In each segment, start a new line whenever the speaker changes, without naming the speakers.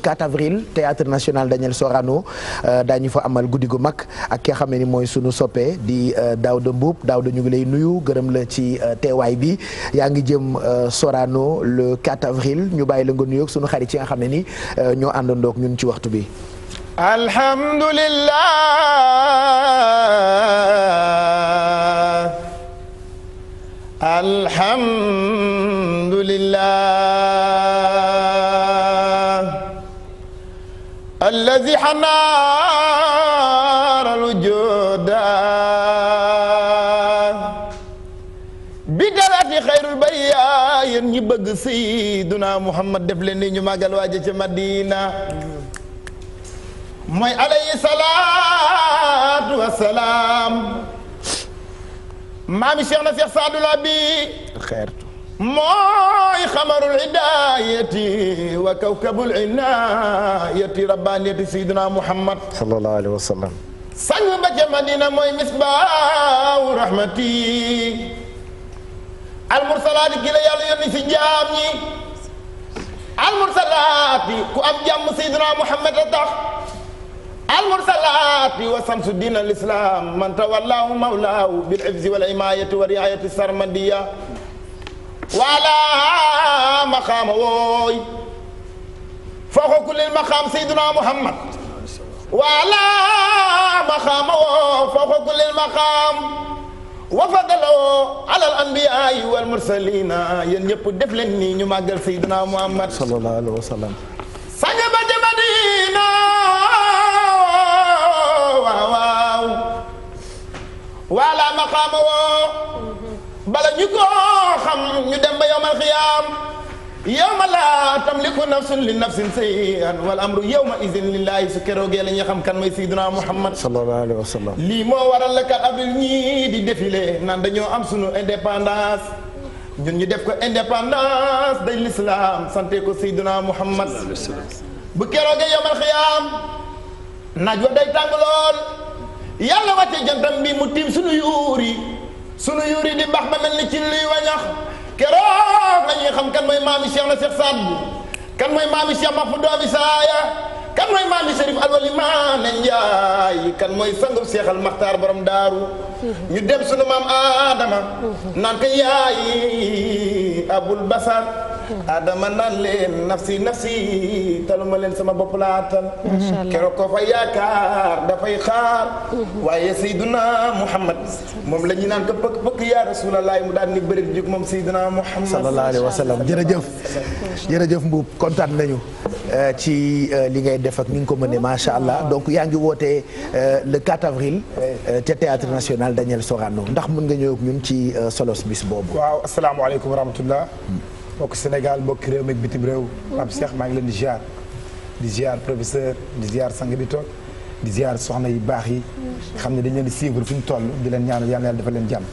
4 avril théâtre national Daniel Sorano euh, daañu fa amal guddi gu mag ak ki nga xam ne ni mooy sunu soppe di euh, Daouda Mboup Daouda ñu ngi lay nuyu gërëm la ci euh, teewaay bi yaa ngi jëm Sorano le 4 avril ñu bàyyi la nga nuyoog sunu xarit yi nga xam ne ni ñoo àndandoog ñun ci waxtu bi. alhamdulillah. الذي حنار الوجود bidaraati xayrul bariya yéen ñi bëgg sayyiduna Muhammad def leen ni ñu màggal waaje ca Madina mooy alayhi salaatu wa salaam maami Cheikh na Cheikh Saadou Labi xeer mooy xamarul hidaayati wa kawkabul inaayati rabbaaniyati sayyidina Muhammad sallallahu alayhi wa sallam sang ba ca Madina mooy misbaawu rahmati almursalaati ki la yàlla yónni si jaam ñi almursalaati ku am jàmm sayyidina Muhammad a tax almursalaati wa samsu diin al islam man tawallaahu mawlaahu bil hifzi wal imaayati wa riayati sarmadiya wala maqaama wooy fawqa kulli maqaam sayyiduna Muhammad wala maqaama woo fawqa kulli maqaam wa fadaloo alal anbiyaay wal mursalina yéen ñëpp def leen nii ñu màggal sayyiduna Muhammad sallallahu alayhi wa sallam sanga ba ci Madina waaw waaw wala maqaama woo bala ñu ko xam ñu dem ba yowmal xiyaam yowma laa tamliku nafsun li nafsin sayan wal amru yow ma lillahi su keroogee la ñuy xam kan mooy sayyiduna muhammad sallallahu alayhi wa sallam lii moo waral la 4 ñii di défilé naan dañoo am sunu indépendance ñun ñu def ko indépendance day l'islam sante ko sayyiduna muhammad bu keroogee yowmal xiyaam naaj wa day tàng lool yàlla wàcce jantam bi mu tiim sunu sunu yuuri di bax ba mel ni ci luy wañax keroog la ñuy xam kan mooy maami seex na Cheikh Saad bu kan mooy maami Cheikh Mafu doomi saaya kan mooy maami Cherif Alwali Maane Njaay kan mooy sangub Seexal Maxtaar borom daaru ñu dem sunu maam Adama naan ko yaay abul basar adama naan leen nafsi nafsi taluma leen sama bopp laatal keroog ko fa yaakaar dafay xaar waaye sayduna muhammad moom la ñuy naan ko pëkk pëkk yaa rasulallah mu daal ni bëri jóg moom sayduna muhammad sallallahu alayhi wa sallam jërëjëf jërëjëf kontaan nañu eh, ci eh, li ngay def ak ni nga ko mënee macha allah donc yaa ngi woote eh, le 4 avril ca théâtre national Daniel Sorano ndax mën nga ñëw ak ñun ci solos bis boobu waaw asalaamaaleykum mbokk Sénégal mbokk réew mi ak bitim réew. Mhm. Pape Cheikh maa ngi leen di ziar. di ziar professeur di ziar sang bi toog di ziar soxna yi baax yi. xam ne dañ leen di suivre fi ñu toll di leen ñaanal yàlla yàlla dafa leen jàmm.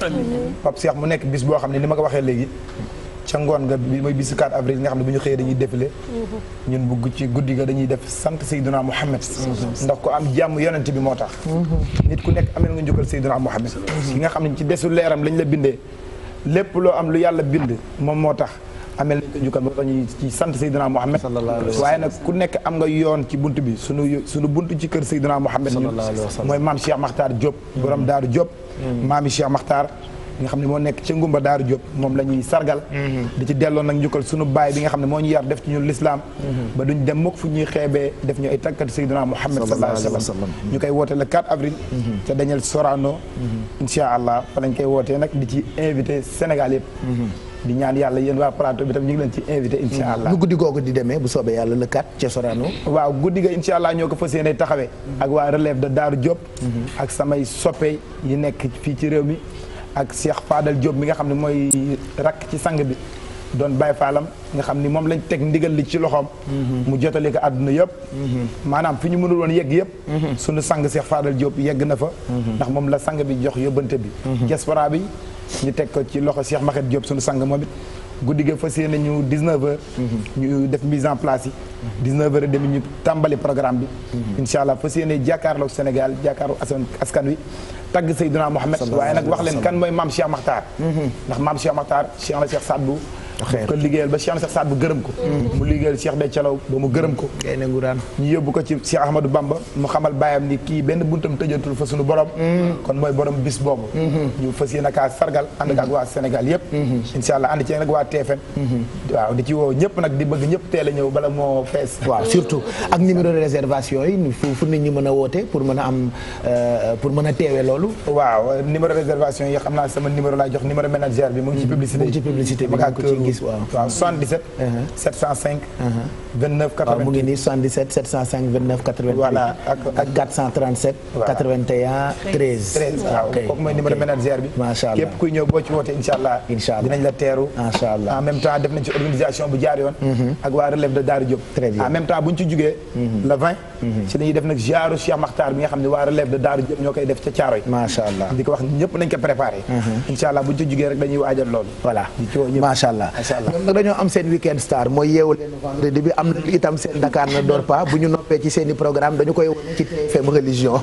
Pape Cheikh mu nekk bis boo xam ne ni ma ko waxee léegi. ca ngoon nga bi mooy bisu 4 avril nga xam ne bu ñu xëyee dañuy défilé. Mhm. ñun bugg ci guddi ga dañuy def sant Seydina Mohamed. Mhm. ndax ko am jàmm yonent bi moo tax. nit ku nekk amee nga njukkal Seydina nga xam ne ci desu leeram lañ bindee. lépp loo am lu yàlla bind moom moo tax. amel nañ ko njukkal ba tax ñuy ci sant Seydina Mohamed waaye nag ku nekk am nga yoon ci bunt bi sunu sunu bunt ci kër Seydina Mohamed ñu mooy maam Cheikh Makhtar Diop borom Daaru Diop mm. maami Cheikh Makhtar nga xam ne moo nekk ci ngumba daaru Diop moom la ñuy sargal mm-hmm. di ci delloon nag njukkal sunu baay bi nga xam ne moo ñu yar def ci ñu lislaam mm-hmm. ba duñ dem mukk fu ñuy xeebee def ñu ay tàkkat Seydina Muhammad sallallahu alayhi wa sallam ñu koy woote le 4 avril te mm-hmm. Daniel Sorano insha allah lañ koy wootee nag di ci invité Sénégal yëpp di ñaan yàlla yéen waa plateau bi tam ñu ngi leen ci invité incha mm. allah lu guddi googu di demee bu soobee yàlla le 4 mm-hmm. mm-hmm. nekk fii ci réew mi ak Cheikh Fadal Diop mi nga xam ne mooy rakk ci sang bi doon Baye Fallam xam ni moom lañ teg ndigal li ci loxoom. Mm-hmm. mu jotali ko àdduna yëpp. maanaam fi ñu mënul woon yegg yëpp. sunu sang Cheikh Fadal na fa. ndax moom la sang bi jox yóbbante bi. diaspora bi. ñu teg ko ci loxo Cheikh Makhate Diop suñu sang moom it guddi gi fas yéene ñu 19 mhm. ñu def mise en place yi. 19h mhm. ñu tàmbali programme bi. Mhm. incha allah fas yéene jàkkaarloog Sénégal jàkkaarloog askan wi. tagg Seydina Mohamed waaye nag wax leen kan mooy maam Cheikh Makhtar. ndax maam Cheikh Makhtar Cheikh la ko liggéeyal ba Cheikh Seex Saad bu gërëm ko mm. mu liggéeyal Cheikh Bey Calaw ba mu gërëm ko ñu yóbbu ko ci Cheikh Ahmadou Bamba mu xamal baayam ni kii benn buntam tëjantul fa suñu borom mm. kon mooy borom bis boobu mm-hmm. ñu fas yéene kaa sargal mm-hmm. ànd ak waa Sénégal yëpp mm-hmm. incha allah ànd ci nag waa TFM waaw di ci woo ñëpp nag di bëgg ñëpp teel a ñëw bala moo fees waaw surtout ak numéro de réservation yi fu nit ñi mën a woote pour mën a am euh, pour gis waaw. waaw 77. 705. 29 88 waaw mu ngi nii 77 705 29 88. voilà ak ak 437. voilà 81 13. 13 waaw kooku mooy numéro ménagère bi. macha allah képp kuy ñëw boo ci wootee incha allah. incha allah dinañ la teeru. macha allah en même temps def nañ ci organisation bu jaar yoon. Mm-hmm. ak waa relève de Daara Diop. très bien en même temps bu ñu ci jugee. Mm-hmm. le 20. Mm-hmm. ci la ñuy def nag ziaru Cheikh Makhtar bi nga xam ne waa relève de Daara Diop ñoo koy def ca Caaroy. macha allah di ko wax ñëpp nañ ko préparé. incha allah bu ñu ci jugee rek dañuy waajal loolu. voilà macha allah ñoom nag dañoo am seen weekend star mooy yeewu leen vendredi am itam seen Dakar ne dort pas bu ñu noppee ci seen i programme dañu koy wone ci TFM religion